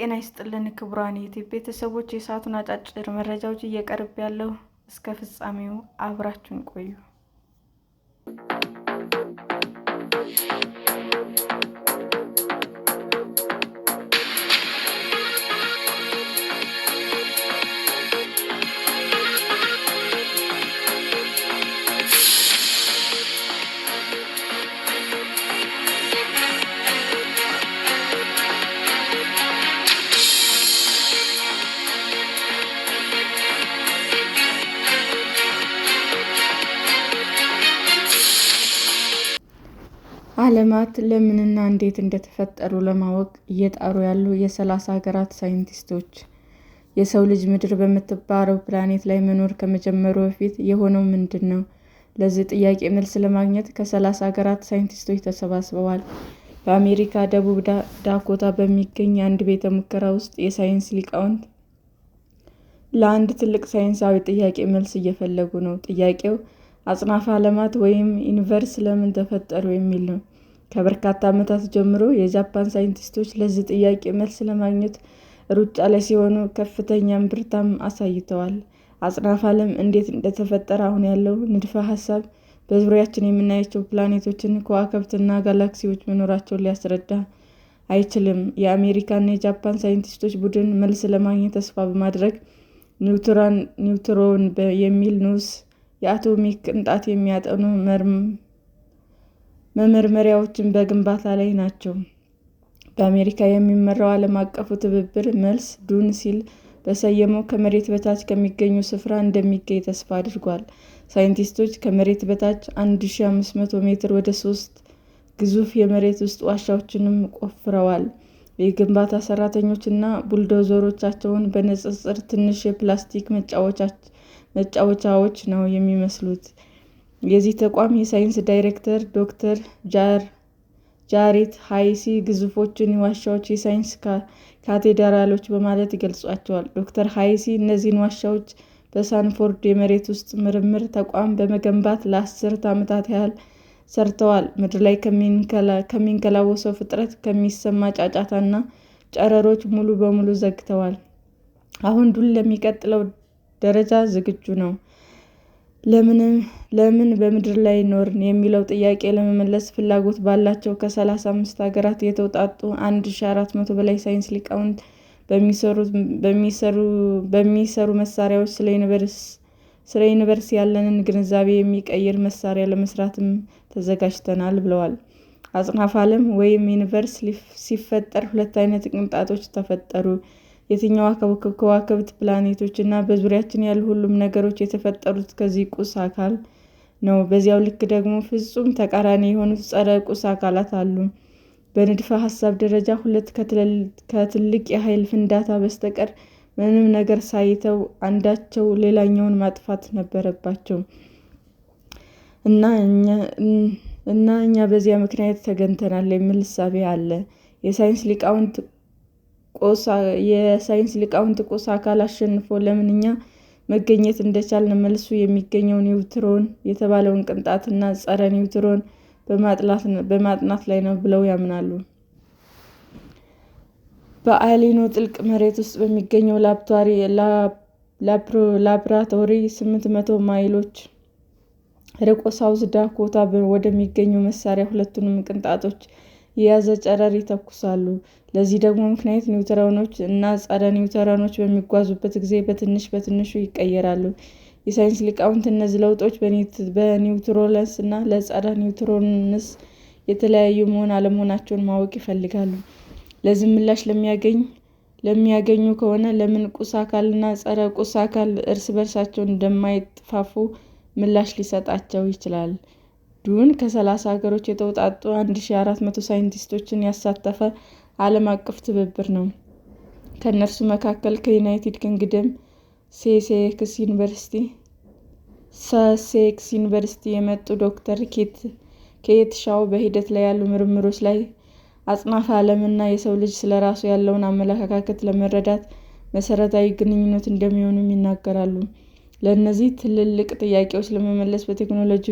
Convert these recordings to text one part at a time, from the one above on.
ጤና ይስጥልን ክቡራን ዩቲብ ቤተሰቦች፣ የሰዓቱን አጫጭር መረጃዎች እየቀርብ ያለው እስከ ፍጻሜው አብራችን ቆዩ። ዓለማት ለምንና እንዴት እንደተፈጠሩ ለማወቅ እየጣሩ ያሉ የሰላሳ ሀገራት ሳይንቲስቶች የሰው ልጅ ምድር በምትባረው ፕላኔት ላይ መኖር ከመጀመሩ በፊት የሆነው ምንድን ነው? ለዚህ ጥያቄ መልስ ለማግኘት ከሰላሳ ሀገራት ሳይንቲስቶች ተሰባስበዋል። በአሜሪካ ደቡብ ዳኮታ በሚገኝ አንድ ቤተ ሙከራ ውስጥ የሳይንስ ሊቃውንት ለአንድ ትልቅ ሳይንሳዊ ጥያቄ መልስ እየፈለጉ ነው። ጥያቄው አጽናፈ ዓለማት ወይም ዩኒቨርስ ለምን ተፈጠሩ የሚል ነው። ከበርካታ ዓመታት ጀምሮ የጃፓን ሳይንቲስቶች ለዚህ ጥያቄ መልስ ለማግኘት ሩጫ ላይ ሲሆኑ ከፍተኛ ብርታም አሳይተዋል። አጽናፍ ዓለም እንዴት እንደተፈጠረ አሁን ያለው ንድፈ ሐሳብ በዙሪያችን የምናያቸው ፕላኔቶችን፣ ከዋክብትና ጋላክሲዎች መኖራቸውን ሊያስረዳ አይችልም። የአሜሪካና የጃፓን ሳይንቲስቶች ቡድን መልስ ለማግኘት ተስፋ በማድረግ ኒውትሮን የሚል ንዑስ የአቶሚክ ቅንጣት የሚያጠኑ መመርመሪያዎችን በግንባታ ላይ ናቸው። በአሜሪካ የሚመራው ዓለም አቀፉ ትብብር መልስ ዱን ሲል በሰየመው ከመሬት በታች ከሚገኙ ስፍራ እንደሚገኝ ተስፋ አድርጓል። ሳይንቲስቶች ከመሬት በታች 1500 ሜትር ወደ ሶስት ግዙፍ የመሬት ውስጥ ዋሻዎችንም ቆፍረዋል። የግንባታ ሰራተኞች እና ቡልዶዘሮቻቸውን በንጽጽር ትንሽ የፕላስቲክ መጫወቻዎች ነው የሚመስሉት። የዚህ ተቋም የሳይንስ ዳይሬክተር ዶክተር ጃሬት ሃይሲ ግዙፎቹን ዋሻዎች የሳይንስ ካቴድራሎች በማለት ይገልጿቸዋል። ዶክተር ሃይሲ እነዚህን ዋሻዎች በሳንፎርድ የመሬት ውስጥ ምርምር ተቋም በመገንባት ለአስርት ዓመታት ያህል ሰርተዋል። ምድር ላይ ከሚንከላወሰው ፍጥረት፣ ከሚሰማ ጫጫታና ጨረሮች ሙሉ በሙሉ ዘግተዋል። አሁን ዱል ለሚቀጥለው ደረጃ ዝግጁ ነው ለምን በምድር ላይ ኖርን የሚለው ጥያቄ ለመመለስ ፍላጎት ባላቸው ከሰላሳ አምስት ሀገራት የተውጣጡ አንድ ሺ አራት መቶ በላይ ሳይንስ ሊቃውንት በሚሰሩ መሳሪያዎች ስለ ዩኒቨርስ ያለንን ግንዛቤ የሚቀይር መሳሪያ ለመስራትም ተዘጋጅተናል ብለዋል። አጽናፍ ዓለም ወይም ዩኒቨርስ ሲፈጠር ሁለት አይነት ቅንጣቶች ተፈጠሩ። የትኛው ከዋክብት ከዋክብት ፕላኔቶች እና በዙሪያችን ያሉ ሁሉም ነገሮች የተፈጠሩት ከዚህ ቁስ አካል ነው። በዚያው ልክ ደግሞ ፍጹም ተቃራኒ የሆኑት ጸረ ቁስ አካላት አሉ። በንድፈ ሐሳብ ደረጃ ሁለት ከትልቅ የኃይል ፍንዳታ በስተቀር ምንም ነገር ሳይተው አንዳቸው ሌላኛውን ማጥፋት ነበረባቸው እና እኛ በዚያ ምክንያት ተገኝተናል የሚል እሳቤ አለ። የሳይንስ ሊቃውንት የሳይንስ ሊቃውንት ቆሳ አካል አሸንፎ ለምን እኛ መገኘት እንደቻልን መልሱ የሚገኘው ኒውትሮን የተባለውን ቅንጣትና ጸረ ኒውትሮን በማጥናት ላይ ነው ብለው ያምናሉ። በአሊኖ ጥልቅ መሬት ውስጥ በሚገኘው ላብራቶሪ 800 ማይሎች ርቆ ሳውዝ ዳኮታ ወደሚገኘው መሳሪያ ሁለቱንም ቅንጣቶች የያዘ ጨረር ይተኩሳሉ። ለዚህ ደግሞ ምክንያት ኒውትሮኖች እና ጸረ ኒውትሮኖች በሚጓዙበት ጊዜ በትንሽ በትንሹ ይቀየራሉ። የሳይንስ ሊቃውንት እነዚህ ለውጦች በኒውትሮንስ እና ለጸረ ኒውትሮንስ የተለያዩ መሆን አለመሆናቸውን ማወቅ ይፈልጋሉ። ለዚህ ምላሽ ለሚያገኙ ከሆነ ለምን ቁስ አካል እና ጸረ ቁስ አካል እርስ በርሳቸው እንደማይጥፋፉ ምላሽ ሊሰጣቸው ይችላል። ዱን ከ30 ሀገሮች የተውጣጡ 1400 ሳይንቲስቶችን ያሳተፈ ዓለም አቀፍ ትብብር ነው። ከእነርሱ መካከል ከዩናይትድ ኪንግደም ሰሴክስ ዩኒቨርሲቲ የመጡ ዶክተር ኬት ሻው በሂደት ላይ ያሉ ምርምሮች ላይ አጽናፈ ዓለምና የሰው ልጅ ስለ ራሱ ያለውን አመለካከት ለመረዳት መሰረታዊ ግንኙነት እንደሚሆኑም ይናገራሉ። ለእነዚህ ትልልቅ ጥያቄዎች ለመመለስ በቴክኖሎጂ፣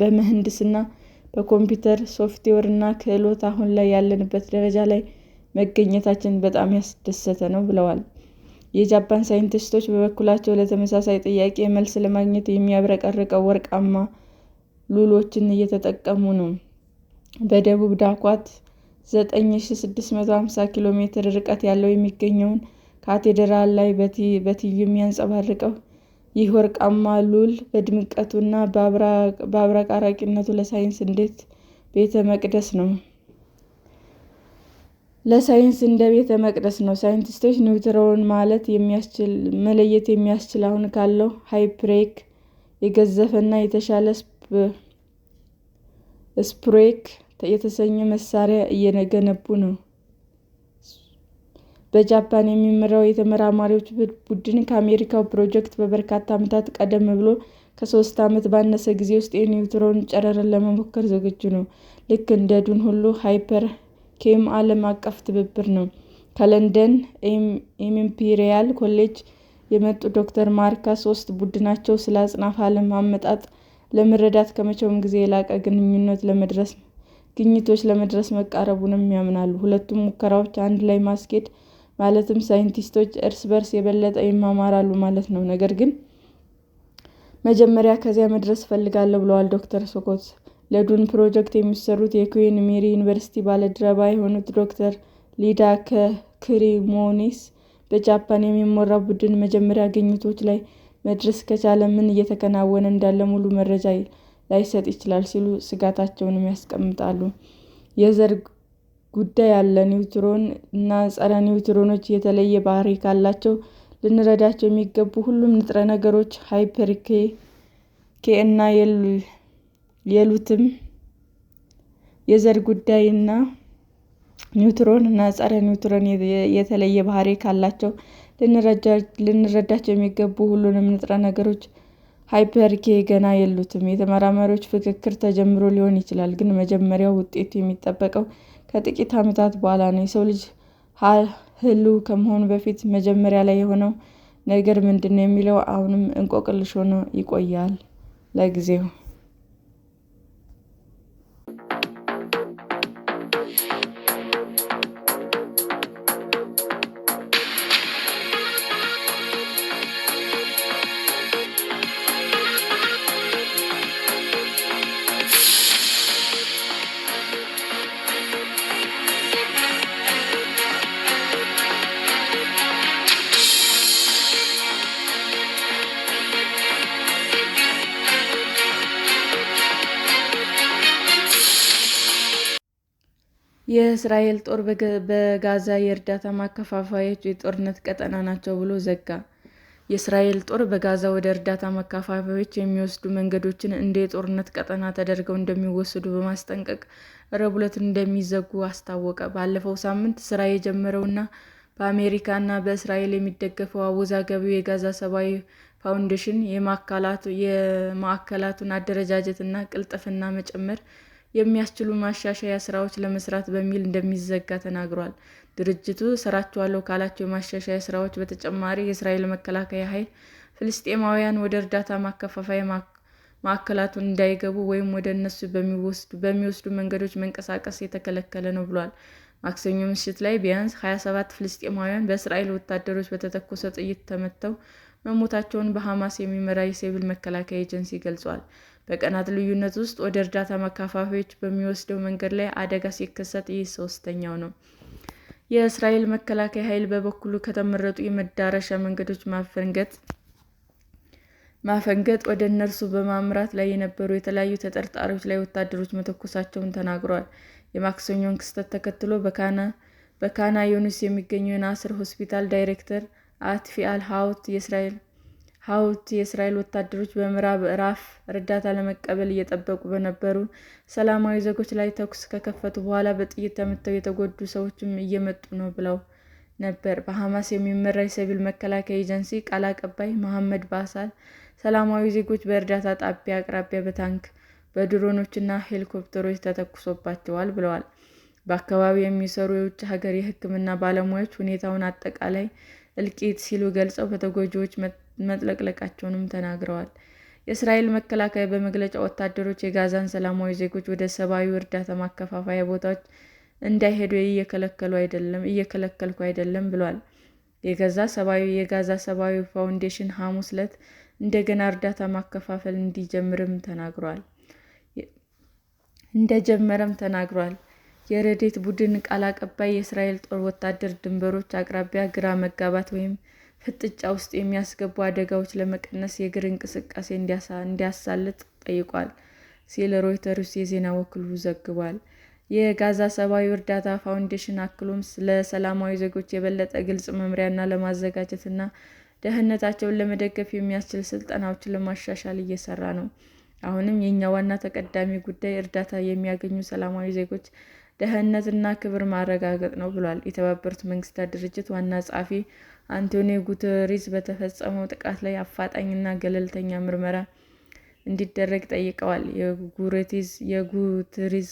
በምህንድስና፣ በኮምፒውተር ሶፍትዌር እና ክህሎት አሁን ላይ ያለንበት ደረጃ ላይ መገኘታችን በጣም ያስደሰተ ነው ብለዋል። የጃፓን ሳይንቲስቶች በበኩላቸው ለተመሳሳይ ጥያቄ መልስ ለማግኘት የሚያብረቀርቀው ወርቃማ ሉሎችን እየተጠቀሙ ነው። በደቡብ ዳኳት 9650 ኪሎ ሜትር ርቀት ያለው የሚገኘውን ካቴድራል ላይ በትይዩ የሚያንጸባርቀው ይህ ወርቃማ ሉል በድምቀቱና በአብረቃራቂነቱ ለሳይንስ እንዴት ቤተ መቅደስ ነው ለሳይንስ እንደ ቤተ መቅደስ ነው። ሳይንቲስቶች ኒውትሮን ማለት የሚያስችል መለየት የሚያስችል አሁን ካለው ሃይፕሬክ የገዘፈና የተሻለ ስፕሬክ የተሰኘ መሳሪያ እየገነቡ ነው። በጃፓን የሚመራው የተመራማሪዎች ቡድን ከአሜሪካው ፕሮጀክት በበርካታ ዓመታት ቀደም ብሎ ከሶስት ዓመት ባነሰ ጊዜ ውስጥ የኒውትሮን ጨረርን ለመሞከር ዝግጁ ነው። ልክ እንደ ዱን ሁሉ ኬም ዓለም አቀፍ ትብብር ነው። ከለንደን ኢምፒሪያል ኮሌጅ የመጡ ዶክተር ማርካ ሶስት ቡድናቸው ስለ አጽናፈ ዓለም አመጣጥ ለመረዳት ከመቼውም ጊዜ የላቀ ግንኙነት ለመድረስ ግኝቶች ለመድረስ መቃረቡንም ያምናሉ። ሁለቱም ሙከራዎች አንድ ላይ ማስኬድ ማለትም ሳይንቲስቶች እርስ በርስ የበለጠ ይማማራሉ ማለት ነው። ነገር ግን መጀመሪያ ከዚያ መድረስ እፈልጋለሁ ብለዋል ዶክተር ሶኮት። ለዱን ፕሮጀክት የሚሰሩት የኩዊን ሜሪ ዩኒቨርሲቲ ባለድረባ የሆኑት ዶክተር ሊዳ ከክሪሞኔስ በጃፓን የሚመራው ቡድን መጀመሪያ ግኝቶች ላይ መድረስ ከቻለ ምን እየተከናወነ እንዳለ ሙሉ መረጃ ላይሰጥ ይችላል ሲሉ ስጋታቸውንም ያስቀምጣሉ። የዘር ጉዳይ አለ። ኒውትሮን እና ጸረ ኒውትሮኖች የተለየ ባህሪ ካላቸው ልንረዳቸው የሚገቡ ሁሉም ንጥረ ነገሮች ሃይፐርኬ ኬ እና የሉትም የዘር ጉዳይ እና ኒውትሮን እና ጸረ ኒውትሮን የተለየ ባህሪ ካላቸው ልንረዳቸው የሚገቡ ሁሉንም ንጥረ ነገሮች ሃይፐርኬ ገና የሉትም። የተመራማሪዎች ፍክክር ተጀምሮ ሊሆን ይችላል፣ ግን መጀመሪያው ውጤቱ የሚጠበቀው ከጥቂት ዓመታት በኋላ ነው። የሰው ልጅ ህልው ከመሆኑ በፊት መጀመሪያ ላይ የሆነው ነገር ምንድን ነው የሚለው አሁንም እንቆቅልሽ ሆኖ ይቆያል ለጊዜው። የእስራኤል ጦር በጋዛ የእርዳታ ማከፋፈያዎች የጦርነት ቀጠና ናቸው ብሎ ዘጋ። የእስራኤል ጦር በጋዛ ወደ እርዳታ ማከፋፈያዎች የሚወስዱ መንገዶችን እንደ የጦርነት ቀጠና ተደርገው እንደሚወሰዱ በማስጠንቀቅ ረቡዕ ዕለት እንደሚዘጉ አስታወቀ። ባለፈው ሳምንት ስራ የጀመረውና በአሜሪካና በእስራኤል የሚደገፈው አወዛጋቢው የጋዛ ሰብአዊ ፋውንዴሽን የማዕከላቱን አደረጃጀትና ቅልጥፍና መጨመር የሚያስችሉ ማሻሻያ ስራዎች ለመስራት በሚል እንደሚዘጋ ተናግሯል። ድርጅቱ እሰራቸዋለሁ ካላቸው የማሻሻያ ስራዎች በተጨማሪ የእስራኤል መከላከያ ኃይል ፍልስጤማውያን ወደ እርዳታ ማከፋፈያ ማዕከላቱን እንዳይገቡ ወይም ወደ እነሱ በሚወስዱ መንገዶች መንቀሳቀስ የተከለከለ ነው ብሏል። ማክሰኞ ምሽት ላይ ቢያንስ 27 ፍልስጤማውያን በእስራኤል ወታደሮች በተተኮሰ ጥይት ተመተው መሞታቸውን በሐማስ የሚመራ የሲቪል መከላከያ ኤጀንሲ ገልጿል። በቀናት ልዩነት ውስጥ ወደ እርዳታ ማከፋፈያዎች በሚወስደው መንገድ ላይ አደጋ ሲከሰት ይህ ሶስተኛው ነው። የእስራኤል መከላከያ ኃይል በበኩሉ ከተመረጡ የመዳረሻ መንገዶች ማፈንገጥ ወደ እነርሱ በማምራት ላይ የነበሩ የተለያዩ ተጠርጣሪዎች ላይ ወታደሮች መተኮሳቸውን ተናግረዋል። የማክሰኞን ክስተት ተከትሎ በካና ዩኒስ የሚገኘው የናስር ሆስፒታል ዳይሬክተር አትፊ አል-ሐውት የእስራኤል ሀውት የእስራኤል ወታደሮች በምዕራብ ራፍ እርዳታ ለመቀበል እየጠበቁ በነበሩ ሰላማዊ ዜጎች ላይ ተኩስ ከከፈቱ በኋላ በጥይት ተመተው የተጎዱ ሰዎችም እየመጡ ነው ብለው ነበር። በሐማስ የሚመራ የሲቪል መከላከያ ኤጀንሲ ቃል አቀባይ መሐመድ ባሳል ሰላማዊ ዜጎች በእርዳታ ጣቢያ አቅራቢያ በታንክ፣ በድሮኖችና ሄሊኮፕተሮች ተተኩሶባቸዋል ብለዋል። በአካባቢው የሚሰሩ የውጭ ሀገር የሕክምና ባለሙያዎች ሁኔታውን አጠቃላይ እልቂት ሲሉ ገልጸው በተጎጂዎች መጥለቅለቃቸውንም ተናግረዋል። የእስራኤል መከላከያ በመግለጫ ወታደሮች የጋዛን ሰላማዊ ዜጎች ወደ ሰብአዊ እርዳታ ማከፋፈያ ቦታዎች እንዳይሄዱ እየከለከሉ አይደለም እየከለከልኩ አይደለም ብሏል። የጋዛ ሰብአዊ የጋዛ ሰብአዊ ፋውንዴሽን ሐሙስ ዕለት እንደገና እርዳታ ማከፋፈል እንዲጀምርም ተናግሯል እንደጀመረም ተናግሯል። የረዴት ቡድን ቃል አቀባይ የእስራኤል ጦር ወታደር ድንበሮች አቅራቢያ ግራ መጋባት ወይም ፍጥጫ ውስጥ የሚያስገቡ አደጋዎች ለመቀነስ የእግር እንቅስቃሴ እንዲያሳልጥ ጠይቋል ሲል ሮይተርስ የዜና ወኪሉ ዘግቧል። የጋዛ ሰብአዊ እርዳታ ፋውንዴሽን አክሎም ለሰላማዊ ዜጎች የበለጠ ግልጽ ለማዘጋጀት ለማዘጋጀትና ደህንነታቸውን ለመደገፍ የሚያስችል ስልጠናዎችን ለማሻሻል እየሰራ ነው። አሁንም የእኛ ዋና ተቀዳሚ ጉዳይ እርዳታ የሚያገኙ ሰላማዊ ዜጎች ደህንነትና ክብር ማረጋገጥ ነው ብሏል። የተባበሩት መንግስታት ድርጅት ዋና ጸሐፊ አንቶኒዮ ጉተሬስ በተፈጸመው ጥቃት ላይ አፋጣኝና ገለልተኛ ምርመራ እንዲደረግ ጠይቀዋል። የጉተሬዝ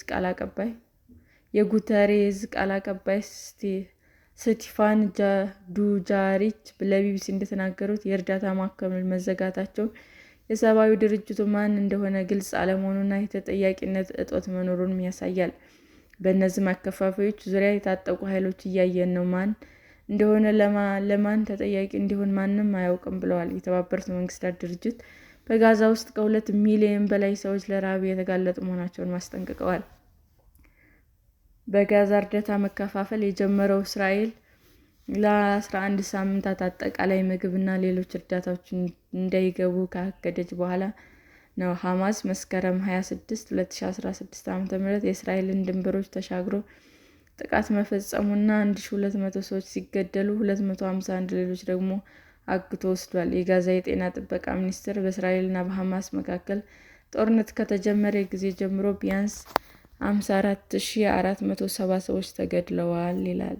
ቃል አቀባይ ስቲፋን ዱጃሪች ለቢቢሲ እንደተናገሩት የእርዳታ ማዕከሎች መዘጋታቸው የሰብአዊ ድርጅቱ ማን እንደሆነ ግልጽ አለመሆኑና የተጠያቂነት እጦት መኖሩን ያሳያል። በእነዚህ ማከፋፈያዎች ዙሪያ የታጠቁ ኃይሎች እያየን ነው ማን እንደሆነ ለማን ተጠያቂ እንዲሆን ማንም አያውቅም ብለዋል። የተባበሩት መንግስታት ድርጅት በጋዛ ውስጥ ከሁለት ሚሊዮን በላይ ሰዎች ለረሃብ የተጋለጡ መሆናቸውን ማስጠንቅቀዋል። በጋዛ እርዳታ መከፋፈል የጀመረው እስራኤል ለ11 ሳምንታት አጠቃላይ ምግብና ሌሎች እርዳታዎች እንዳይገቡ ካገደች በኋላ ነው። ሐማስ መስከረም 26 2016 ዓ.ም የእስራኤልን ድንበሮች ተሻግሮ ጥቃት መፈጸሙና 1200 ሰዎች ሲገደሉ 251 ሌሎች ደግሞ አግቶ ወስዷል። የጋዛ የጤና ጥበቃ ሚኒስቴር በእስራኤልና በሐማስ መካከል ጦርነት ከተጀመረ ጊዜ ጀምሮ ቢያንስ 54470 ሰዎች ተገድለዋል ይላል።